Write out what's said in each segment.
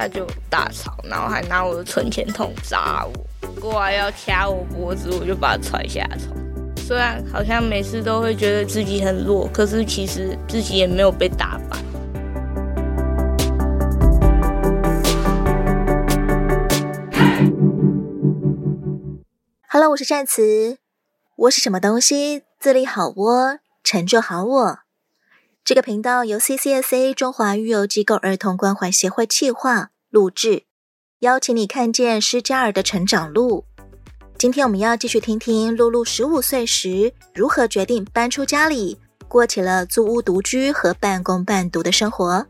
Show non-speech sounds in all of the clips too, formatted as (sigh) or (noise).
他就大吵，然後還拿我的存錢筒砸我，過來要掐我脖子，我就把他踹下床。雖然好像每次都會覺得自己很弱，可是其實自己也沒有被打敗。Hello，我是戰慈，我是什麼東西？自立好我、哦，成就好我。這個頻道由 CCSA 中華育幼機構兒童關懷協會企劃錄製，邀請你看見失家兒的成長路。今天我們要繼續聽聽陸陸十五歲時如何決定搬出家裡，過起了租屋獨居和半工半讀的生活。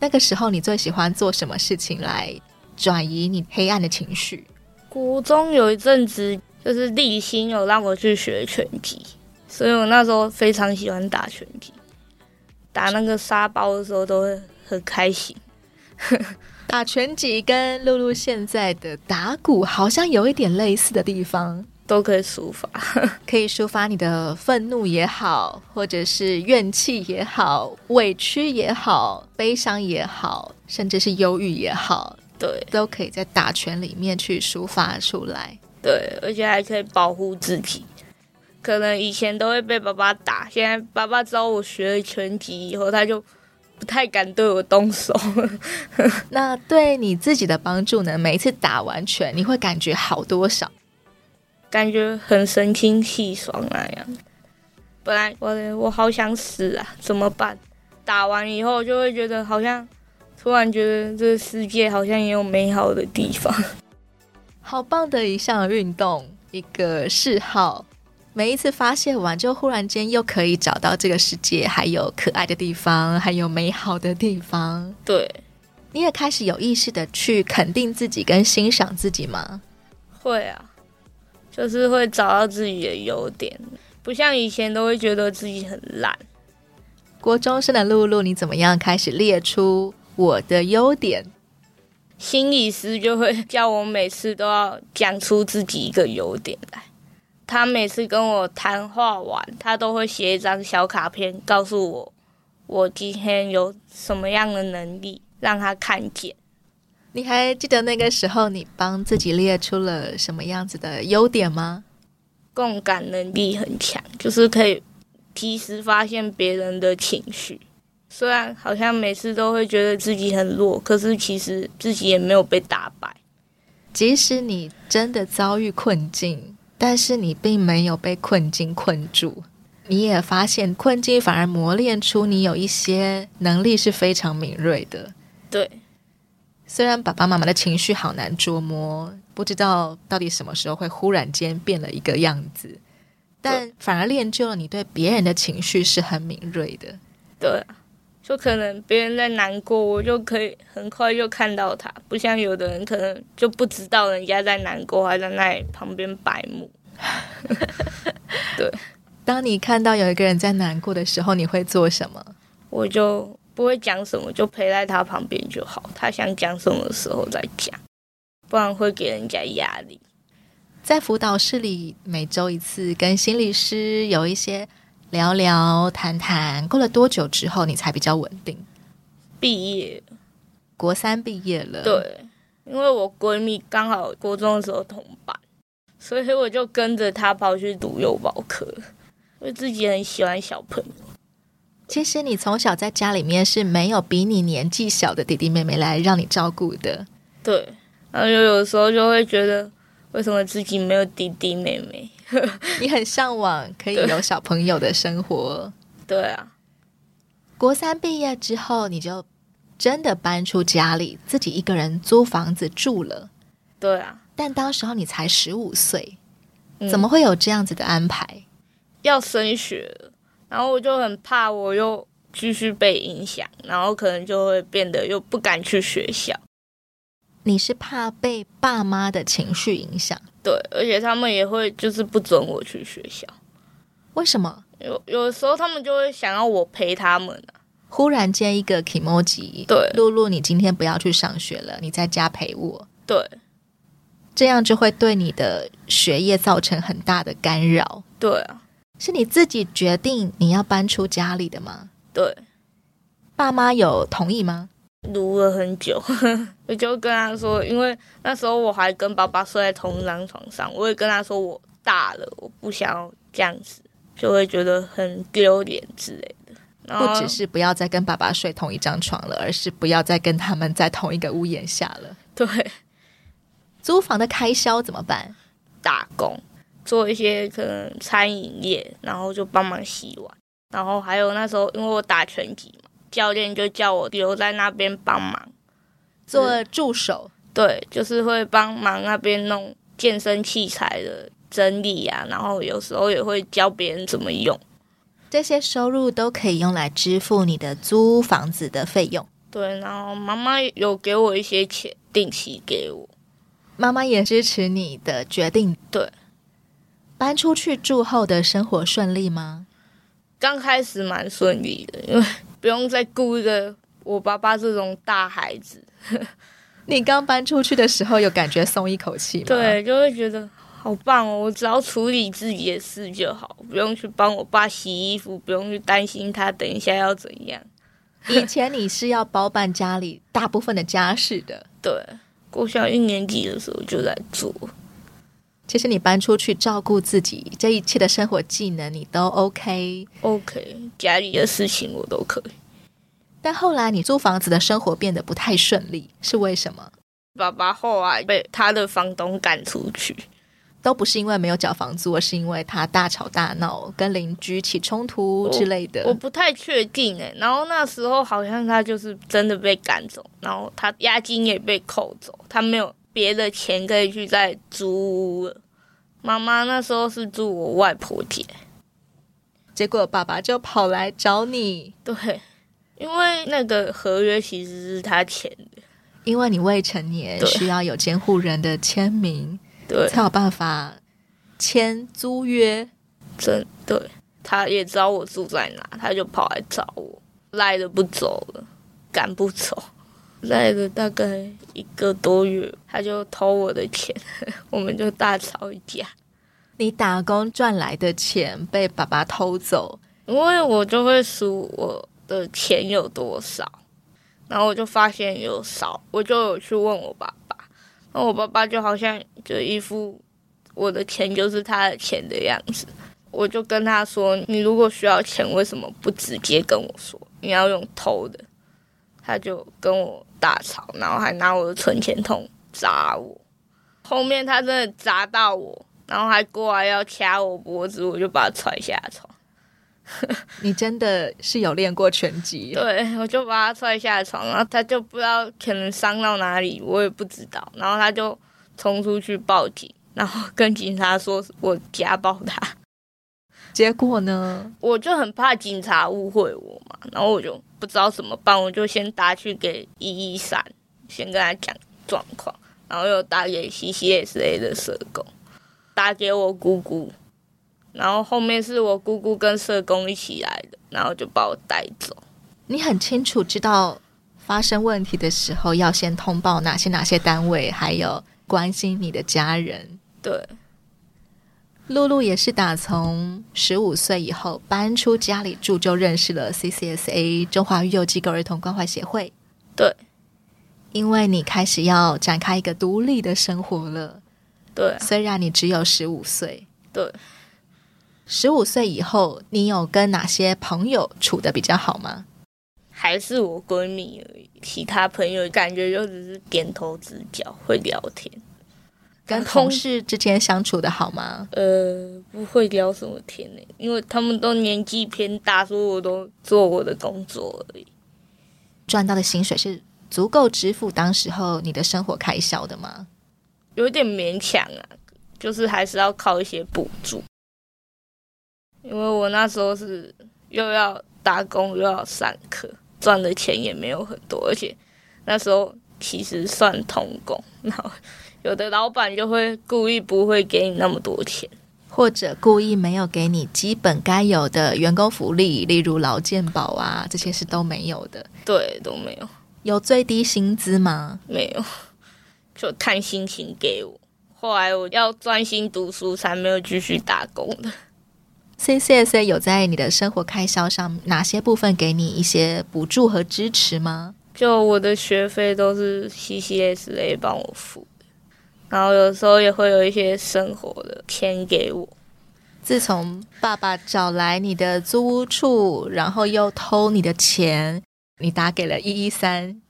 那個時候，你最喜歡做什麼事情來轉移你黑暗的情緒？國中有一陣子就是立心有讓我去學拳擊，所以我那時候非常喜歡打拳擊，打那個沙包的時候都會很開心。打拳擊跟陸陸現在的打鼓好像有一點類似的地方，都可以抒發， (laughs) 可以抒發你的憤怒也好，或者是怨氣也好，委屈也好，悲傷也好，甚至是憂鬱也好。對，都可以在打拳裡面去抒發出來。對，而且還可以保護自己。可能以前都會被爸爸打，現在爸爸教我學了拳擊以後，他就不太敢對我動手。 (laughs) 那對你自己的幫助呢？每一次打完拳，你會感覺好多少？感覺很神清氣爽那樣。本來我我好想死啊，怎麼辦？打完以後就會覺得好像。突然覺得這個世界好像也有美好的地方，好棒的一項運動，一個嗜好。每一次發洩完，就忽然間又可以找到這個世界還有可愛的地方，還有美好的地方。對，你也開始有意識的去肯定自己跟欣賞自己嗎？會啊，就是會找到自己的優點，不像以前都會覺得自己很爛。國中生的陸陸，你怎麼樣開始列出？我的優點，心理師就會叫我每次都要講出自己一個優點來。他每次跟我談話完，他都會寫一張小卡片，告訴我我今天有什麼樣的能力讓他看見。你還記得那個時候，你幫自己列出了什麼樣子的優點嗎？共感能力很強，就是可以及時發現別人的情緒。雖然好像每次都會覺得自己很弱，可是其實自己也沒有被打敗。即使你真的遭遇困境，但是你並沒有被困境困住，你也發現困境反而磨練出你有一些能力是非常敏銳的。對，雖然爸爸媽媽的情緒好難捉摸，不知道到底什麼時候會忽然間變了一個樣子，但反而練就了你對別人的情緒是很敏銳的。對啊。就可能別人在難過，我就可以很快就看到他，不像有的人可能就不知道人家在難過，還在那旁邊白目。 (laughs) 對，當你看到有一個人在難過的時候，你會做什麼？我就不會講什麼，就陪在他旁邊就好。他想講什麼時候再講，不然會給人家壓力。在輔導室裡，每周一次跟心理師有一些。聊聊談談，過了多久之後你才比較穩定？畢業，國三畢業了。對，因為我閨蜜剛好國中的時候同班，所以我就跟着她跑去讀幼保科，因為自己很喜歡小朋友。其實你從小在家裡面是沒有比你年紀小的弟弟妹妹來讓你照顧的。對，然後就有時候就會覺得。為什麼自己沒有弟弟妹妹？ (laughs) 你很嚮往可以有小朋友的生活。對啊，國三畢業之後，你就真的搬出家裡，自己一個人租房子住了。對啊，但當時候你才十五歲，嗯，怎麼會有這樣子的安排？要升學，然後我就很怕我又繼續被影響，然後可能就會變得又不敢去學校。你是怕被爸媽的情緒影響？對，而且他們也會就是不准我去學校。為什麼？有有時候他們就會想要我陪他們啊，忽然間一個 kimoji，對，露露，你今天不要去上學了，你在家陪我。對，這樣就會對你的學業造成很大的干擾。對啊，是你自己決定你要搬出家裡的嗎？對，爸媽有同意嗎？讀了很久， (laughs) 我就跟他說，因為那時候我還跟爸爸睡在同一張床上，我也跟他說我大了，我不想這樣子，就會覺得很丟臉之類的。然後不只是不要再跟爸爸睡同一張床了，而是不要再跟他們在同一個屋檐下了。對， (laughs) 租房的開銷怎麼辦？打工，做一些可能餐飲業，然後就幫忙洗碗，然後還有那時候因為我打拳擊嘛。教練就叫我留在那邊幫忙做助手，對，就是會幫忙那邊弄健身器材的整理啊，然後有時候也會教別人怎麼用。這些收入都可以用來支付你的租房子的費用。對，然後媽媽有給我一些錢，定期給我。媽媽也支持你的決定。對，搬出去住後的生活順利嗎？剛開始蠻順利的，因為。 (laughs) 不用再顧着我爸爸這種大孩子。 (laughs) 你剛搬出去的時候，有感覺鬆一口氣嗎？對，就會覺得好棒哦！我只要處理自己的事就好，不用去幫我爸洗衣服，不用去擔心他等一下要怎樣。 (laughs) 以前你是要包辦家裡大部分的家事的，對，國小一年級的時候就在做。其實你搬出去照顧自己，這一切的生活技能你都 OK，OK，okay okay, 家裡的事情我都可以。但後來你租房子的生活變得不太順利，是為什麼？爸爸後來被他的房東趕出去，都不是因為沒有繳房租，而是因為他大吵大鬧，跟鄰居起衝突之類的。我，我不太確定誒、欸，然後那時候好像他就是真的被趕走，然後他押金也被扣走，他沒有。別的錢可以去再租了。媽媽那時候是住我外婆家，結果爸爸就跑來找你。對，因為那個合約其實是他簽的，因為你未成年對需要有監護人的簽名，對，才有辦法簽租約。真的，對，他也知道我住在哪，他就跑來找我，賴着不走了，趕不走。賴了大概一個多月，他就偷我的錢，我們就大吵一架。你打工賺來的錢被爸爸偷走？因為我就會數我的錢有多少，然後我就發現有少，我就有去問我爸爸，那我爸爸就好像就一副我的錢就是他的錢的樣子，我就跟他說：“你如果需要錢，為什麼不直接跟我說？你要用偷的？”他就跟我。大吵，然後還拿我的存錢筒砸我。後面他真的砸到我，然後還過來要掐我脖子，我就把他踹下床。你真的是有練過拳擊？對，我就把他踹下床，然後他就不知道可能傷到哪裡，我也不知道。然後他就衝出去報警，然後跟警察說我家暴他。結果呢？我就很怕警察誤會我嘛，然後我就不知道怎麼辦，我就先打去給一一三，先跟他講狀況，然後又打給 CCSA 的社工，打給我姑姑，然後後面是我姑姑跟社工一起來的，然後就把我帶走。你很清楚知道發生問題的時候要先通報哪些哪些單位，還有關心你的家人。對。陸陸也是打從十五歲以後搬出家裡住，就認識了 CCSA 中華育幼機構兒童關懷協會。對，因為你開始要展開一個獨立的生活了。對啊，雖然你只有十五歲。對，十五歲以後，你有跟哪些朋友處得比較好嗎？還是我閨蜜而已，其他朋友感覺就只是點頭之交，會聊天。跟同事之間相處得好嗎？嗯？呃，不會聊什麼天呢？欸。因為他們都年紀偏大，所以我都做我的工作而已。賺到的薪水是足夠支付當時候你的生活開銷的嗎？有點勉強啊，就是還是要靠一些補助。因為我那時候是又要打工又要上課，賺的錢也沒有很多，而且那時候其實算童工，然後。有的老闆就會故意不會給你那麼多錢，或者故意沒有給你基本該有的員工福利，例如勞健保啊，這些是都沒有的。對，都沒有。有最低薪資嗎？沒有，就看心情給我。後來我要專心讀書，才沒有繼續打工的。C C S A 有在你的生活開銷上哪些部分給你一些補助和支持嗎？就我的學費都是 C C S A 幫我付。然後有時候也會有一些生活的錢給我。自從爸爸找來你的租屋處，然後又偷你的錢，你打給了一一三。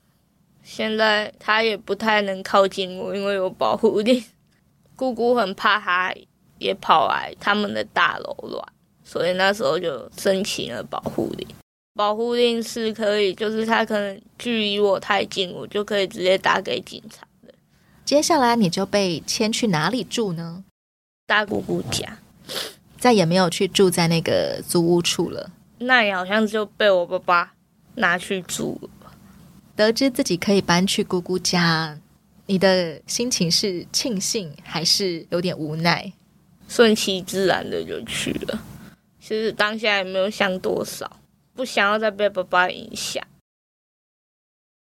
現在他也不太能靠近我，因為有保護令。姑姑很怕他，也跑來他們的大樓亂，所以那時候就申請了保護令。保護令是可以，就是他可能距離我太近我，我就可以直接打給警察。接下來你就被遷去哪裡住呢？大姑姑家，再也沒有去住在那個租屋處了。那也好像就被我爸爸拿去住了。得知自己可以搬去姑姑家，你的心情是慶幸還是有點無奈？順其自然的就去了。其實當下也沒有想多少，不想要再被爸爸影響。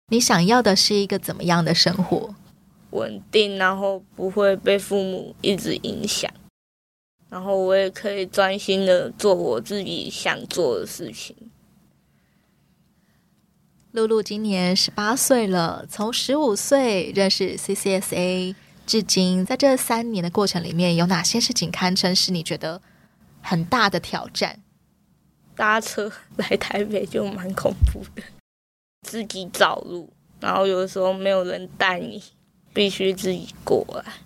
你想要的是一個怎麼樣的生活？穩定，然後不會被父母一直影響，然後我也可以專心地做我自己想做的事情。陸陸今年十八歲了，從十五歲認識 CCSA 至今，在這三年的過程裡面，有哪些事情堪稱是你覺得很大的挑戰？搭車來台北就蠻恐怖的，自己找路，然後有的時候沒有人帶你。必須自己過啊，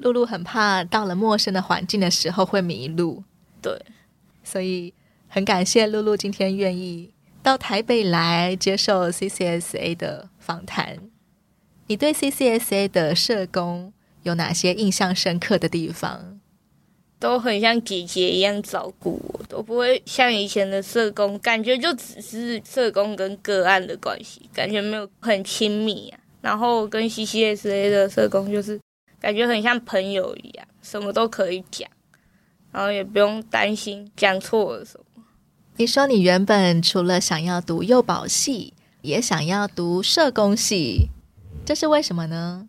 陸陸很怕到了陌生的環境的時候會迷路，對，所以很感謝陸陸今天願意到台北來接受 CCSA 的訪談。你對 CCSA 的社工有哪些印象深刻的地方？都很像姐姐一樣照顧我，都不會像以前的社工，感覺就只是社工跟個案的關係，感覺沒有很親密啊。然後跟 CCSA 的社工就是感覺很像朋友一樣，什麼都可以講，然後也不用擔心講錯了什麼。你說你原本除了想要讀幼保系，也想要讀社工系，這是為什麼呢？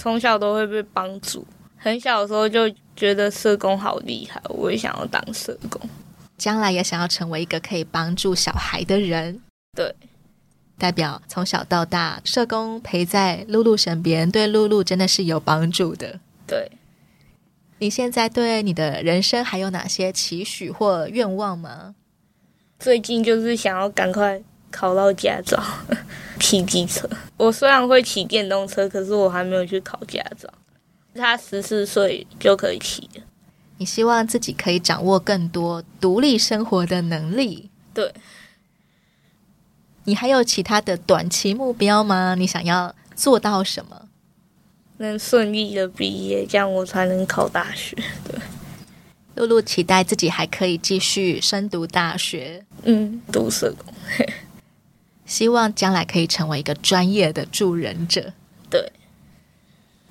從小都會被幫助，很小的時候就覺得社工好厲害，我也想要當社工，將來也想要成為一個可以幫助小孩的人。對。代表從小到大，社工陪在陸陸身邊，對陸陸真的是有幫助的。對，你現在對你的人生還有哪些期許或願望嗎？最近就是想要趕快考到駕照，騎機車。我雖然會騎電動車，可是我還沒有去考駕照。他十四歲就可以騎了。你希望自己可以掌握更多獨立生活的能力？對。你還有其他的短期目標嗎？你想要做到什麼？能順利的畢業，這樣我才能考大學。對，陸陸期待自己還可以繼續深讀大學，嗯，讀社工， (laughs) 希望將來可以成為一個專業的助人者。對，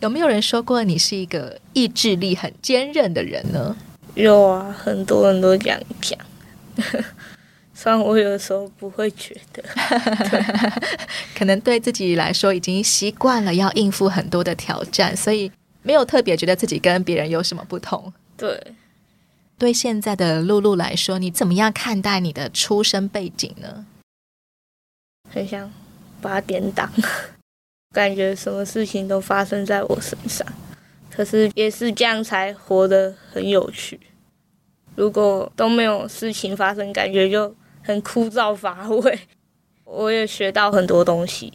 有沒有人說過你是一個意志力很堅韌的人呢？有啊，很多人都這樣講。 (laughs) 雖然我有時候不會覺得， (laughs) 可能對自己來說已經習慣了要應付很多的挑戰，所以沒有特別覺得自己跟別人有什麼不同。對，對現在的陸陸來說，你怎麼樣看待你的出生背景呢？很像八點檔，感覺什麼事情都發生在我身上，可是也是這樣才活得很有趣。如果都沒有事情發生，感覺就。很枯燥乏味，我也學到很多東西，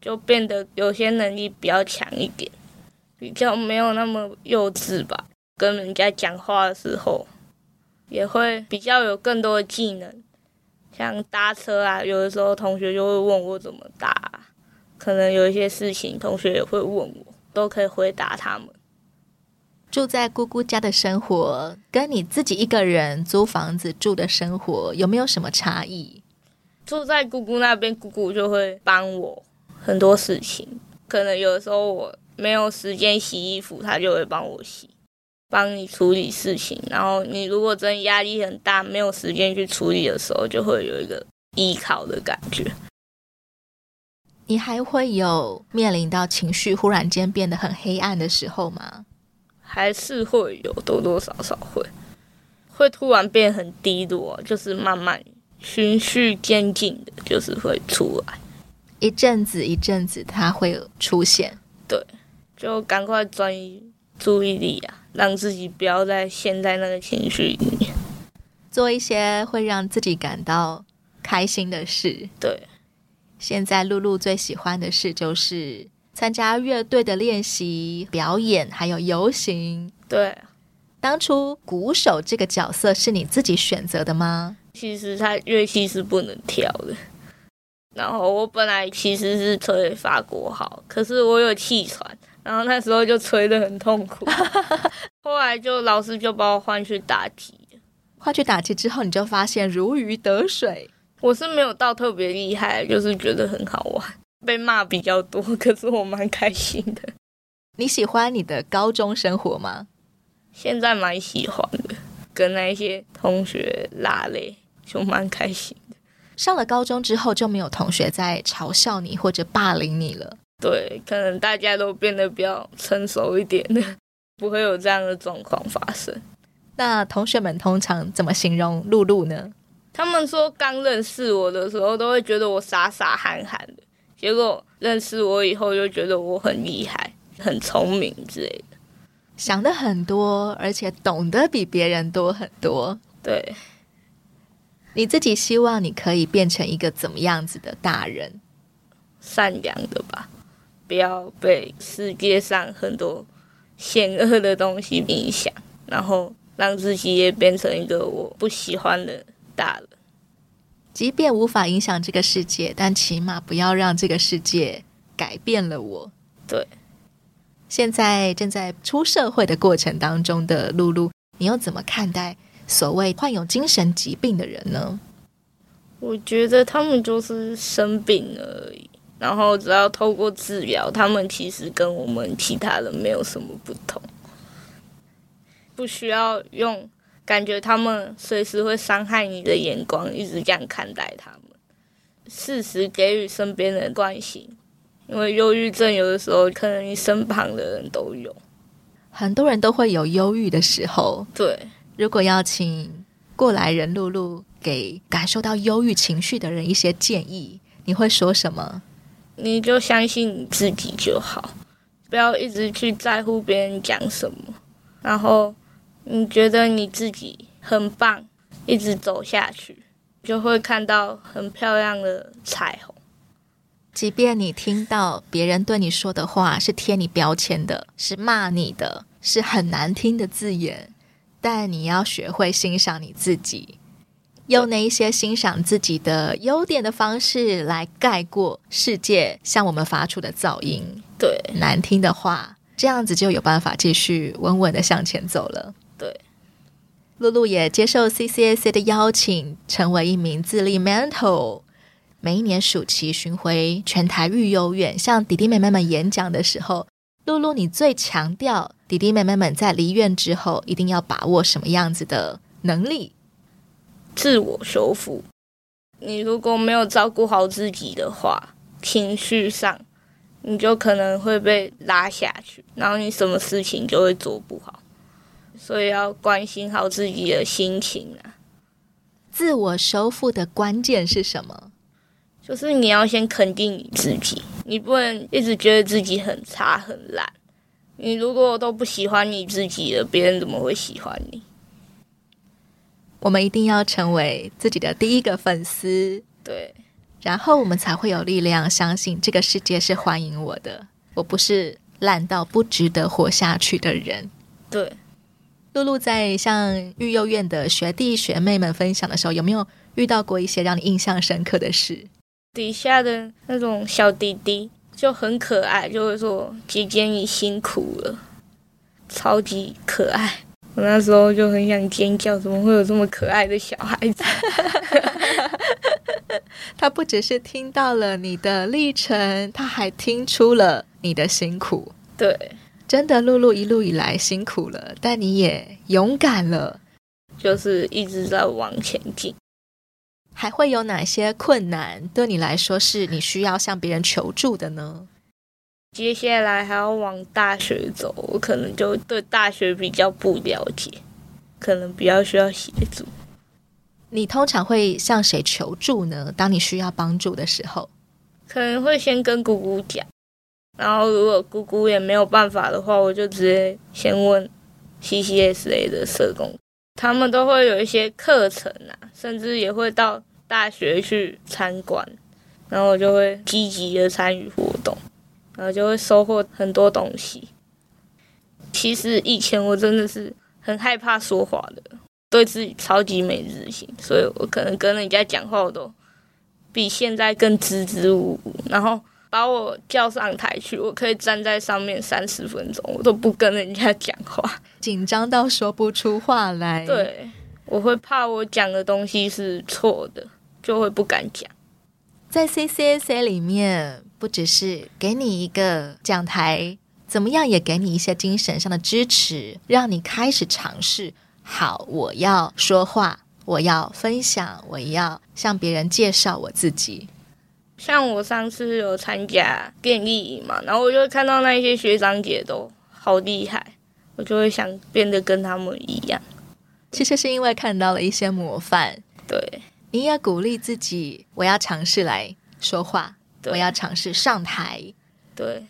就變得有些能力比較強一點，比較沒有那麼幼稚吧。跟人家講話的時候，也會比較有更多的技能，像搭車啊，有的時候同學就會問我怎麼搭，可能有一些事情同學也會問我，都可以回答他們。住在姑姑家的生活，跟你自己一個人租房子住的生活，有沒有什麼差異？住在姑姑那邊，姑姑就會幫我很多事情。可能有的時候我沒有時間洗衣服，她就會幫我洗，幫你處理事情。然後你如果真的壓力很大，沒有時間去處理的時候，就會有一個依靠的感覺。你還會有面臨到情緒忽然間變得很黑暗的時候嗎？還是會有，多多少少會，會突然變很低落，就是慢慢循序漸進的，就是會出來一陣子一陣子，陣子它會出現。對，就趕快轉移注意力啊，讓自己不要再陷在那個情緒裡面，做一些會讓自己感到開心的事。對，現在陸陸最喜歡的事就是。參加樂隊的練習、表演，還有遊行。對，當初鼓手這個角色是你自己選擇的嗎？其實他樂器是不能挑的。然後我本來其實是吹法國號，可是我有氣喘，然後那時候就吹得很痛苦。 (laughs) 後來就老師就把我換去打擊，換去打擊之後你就發現如魚得水。我是沒有到特別厲害，就是覺得很好玩。被罵比較多，可是我蠻開心的。你喜歡你的高中生活嗎？現在蠻喜歡的，跟那一些同學拉嘞，就蠻開心的。上了高中之後就沒有同學在嘲笑你或者霸凌你了。對，可能大家都變得比較成熟一點的，不會有這樣的狀況發生。那同學們通常怎麼形容陸陸呢？他們說剛認識我的時候都會覺得我傻傻憨憨的。結果認識我以後，就覺得我很厲害、很聰明之類的，想的很多，而且懂得比別人多很多。對，你自己希望你可以變成一個怎麼樣子的大人？善良的吧，不要被世界上很多險惡的東西影響，然後讓自己也變成一個我不喜歡的大人。即便無法影響這個世界，但起碼不要讓這個世界改變了我。對，現在正在出社會的過程當中的陸陸，你又怎麼看待所謂患有精神疾病的人呢？我覺得他們就是生病而已，然後只要透過治療，他們其實跟我們其他人沒有什麼不同，不需要用。感覺他們隨時會傷害你的眼光，一直這樣看待他們。適時給予身邊人關心，因為憂鬱症有的時候可能你身旁的人都有，很多人都會有憂鬱的時候。對，如果要請過來人陸陸給感受到憂鬱情緒的人一些建議，你會說什麼？你就相信你自己就好，不要一直去在乎別人講什麼，然後。你覺得你自己很棒，一直走下去，就會看到很漂亮的彩虹。即便你聽到別人對你說的話是貼你標籤的，是罵你的，是很難聽的字眼，但你要學會欣賞你自己，用對那一些欣賞自己的優點的方式來蓋過世界向我們發出的噪音。對，難聽的話，這樣子就有辦法繼續穩穩的向前走了。陸陸也接受 CCSA 的邀請，成為一名自立 mentor。每一年暑期巡迴全台育幼院，向弟弟妹妹們演講的時候，陸陸，你最強調弟弟妹妹們在離院之後，一定要把握什麼樣子的能力？自我修復。你如果沒有照顧好自己的話，情緒上你就可能會被拉下去，然後你什麼事情就會做不好。所以要關心好自己的心情啊！自我修復的關鍵是什麼？就是你要先肯定你自己，你不能一直覺得自己很差很爛。你如果都不喜歡你自己了，別人怎麼會喜歡你？我們一定要成為自己的第一個粉絲，對，然後我們才會有力量相信這個世界是歡迎我的。我不是爛到不值得活下去的人，對。陸陸在向育幼院的學弟學妹們分享的時候，有沒有遇到過一些讓你印象深刻的事？底下的那種小弟弟就很可愛，就會說：“姐姐你辛苦了。”超級可愛。我那時候就很想尖叫，怎麼會有這麼可愛的小孩子？ (laughs) (laughs) 他不只是聽到了你的歷程，他還聽出了你的辛苦。對。真的，陸陸一路以來辛苦了，但你也勇敢了，就是一直在往前進。還會有哪些困難對你來說是你需要向別人求助的呢？接下來還要往大學走，我可能就對大學比較不了解，可能比較需要協助。你通常會向誰求助呢？當你需要幫助的時候，可能會先跟姑姑講。然後，如果姑姑也沒有辦法的話，我就直接先問 CCSA 的社工，他們都會有一些課程啊，甚至也會到大學去參觀，然後我就會積極地參與活動，然後就會收穫很多東西。其實以前我真的是很害怕說話的，對自己超級沒自信，所以我可能跟人家講話我都比現在更支支吾吾，然後。把我叫上台去，我可以站在上面三十分鐘，我都不跟人家講話，緊張到說不出話來。對，我會怕我講的東西是錯的，就會不敢講。在 CCSA 裡面，不只是給你一個講台，怎麼樣也給你一些精神上的支持，讓你開始嘗試。好，我要說話，我要分享，我要向別人介紹我自己。像我上次有參加電力營嘛，然後我就看到那些學長姐都好厲害，我就會想變得跟他們一樣。其實是因為看到了一些模範，對，你要鼓勵自己，我要嘗試來說話，對我要嘗試上台。對，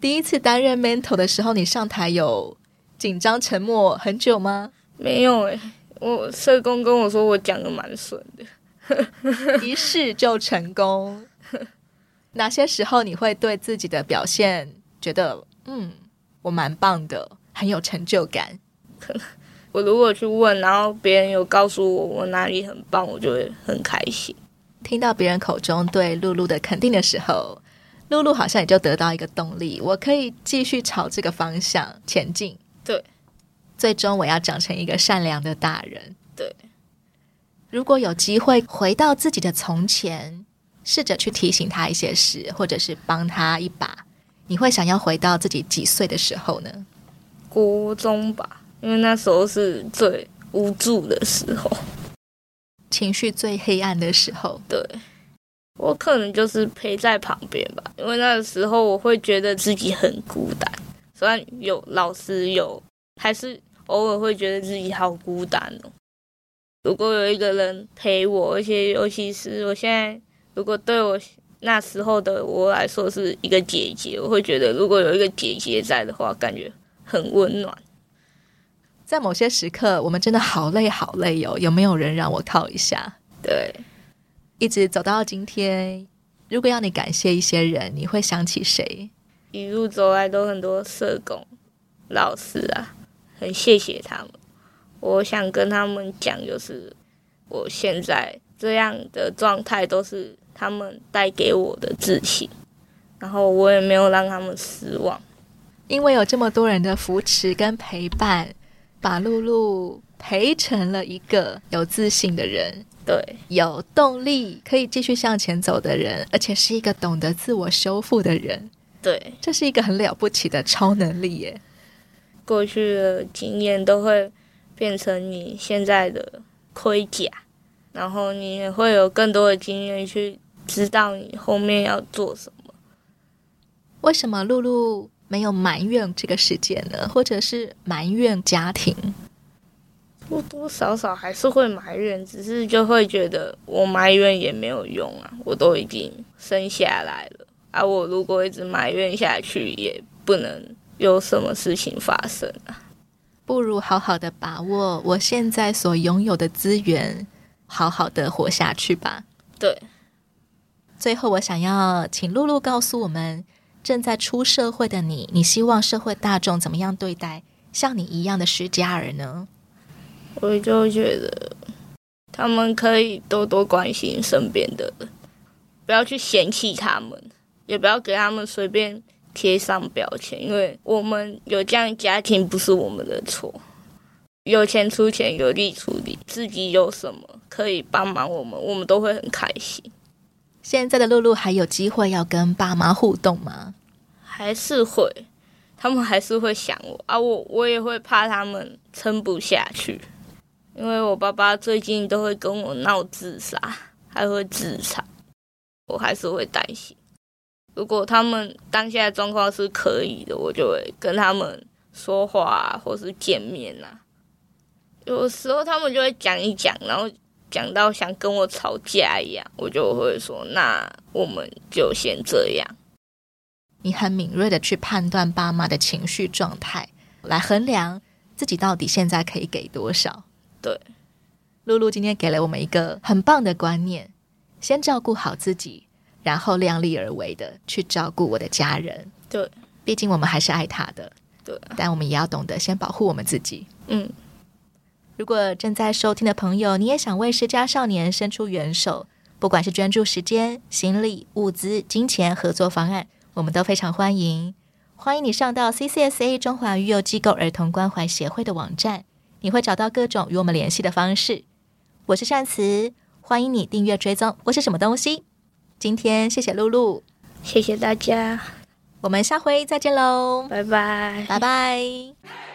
第一次擔任 mentor 的時候，你上台有緊張沉默很久嗎？沒有誒、欸、我社工跟我說我講的蠻順的， (laughs) 一試就成功。 (laughs) 哪些時候你會對自己的表現覺得嗯，我蠻棒的，很有成就感？ (laughs) 我如果去問，然後別人有告訴我我哪裡很棒，我就會很開心。聽到別人口中對陸陸的肯定的時候，陸陸好像也就得到一個動力，我可以繼續朝這個方向前進。對，最終我要長成一個善良的大人。對，如果有機會回到自己的從前。試着去提醒他一些事，或者是幫他一把，你會想要回到自己幾歲的時候呢？國中吧，因為那時候是最無助的時候，情緒最黑暗的時候。對，我可能就是陪在旁邊吧，因為那個時候我會覺得自己很孤單，雖然有老師有，還是偶爾會覺得自己好孤單哦。如果有一個人陪我，而且尤其是我現在。如果對我那時候的我來說，是一個姐姐，我會覺得如果有一個姐姐在的話，感覺很溫暖。在某些時刻，我們真的好累好累哦，有沒有人讓我靠一下？對，一直走到今天，如果要你感謝一些人，你會想起誰？一路走來都很多社工、老師啊，很謝謝他們。我想跟他們講，就是我現在。這樣的狀態都是他們帶給我的自信，然後我也沒有讓他們失望，因為有這麼多人的扶持跟陪伴，把陸陸培成了一個有自信的人，對，有動力可以繼續向前走的人，而且是一個懂得自我修復的人，對，這是一個很了不起的超能力耶。過去的經驗都會變成你現在的盔甲。然後你也會有更多的經驗去知道你後面要做什麼。為什麼陸陸沒有埋怨這個事件呢？或者是埋怨家庭？多多少少還是會埋怨，只是就會覺得我埋怨也沒有用啊！我都已經生下來了，而、啊、我如果一直埋怨下去，也不能有什麼事情發生啊！不如好好的把握我現在所擁有的資源。好好的活下去吧。對，最後我想要請陸陸告訴我們，正在出社會的你，你希望社會大眾怎麼樣對待像你一樣的失家兒呢？我就覺得，他們可以多多關心身邊的人，不要去嫌棄他們，也不要給他們隨便貼上標籤，因為我們有這樣的家庭不是我們的錯。有錢出錢，有力出力，自己有什麼可以幫忙我們，我們都會很開心。現在的露露還有機會要跟爸媽互動嗎？還是會，他們還是會想我啊，我我也會怕他們撐不下去，因為我爸爸最近都會跟我鬧自殺，還會自殺，我還是會擔心。如果他們當下的狀況是可以的，我就會跟他們說話啊，或是見面吶啊。有時候他們就會講一講，然後講到像跟我吵架一樣，我就會說：“那我們就先這樣。”你很敏銳地去判斷爸媽的情緒狀態，來衡量自己到底現在可以給多少。對，露露今天給了我們一個很棒的觀念：先照顧好自己，然後量力而為地去照顧我的家人。對，畢竟我們還是愛他的。對啊，但我們也要懂得先保護我們自己。嗯。如果正在收聽的朋友，你也想為失家少年伸出援手，不管是捐助時間、心理、物資、金錢、合作方案，我們都非常歡迎。歡迎你上到 CCSA 中華育幼機構兒童關懷協會的網站，你會找到各種與我們聯繫的方式。我是善慈，歡迎你訂閱追蹤。我是什麼東西？今天謝謝露露，謝謝大家，我們下回再見嘍，拜拜 bye，拜拜。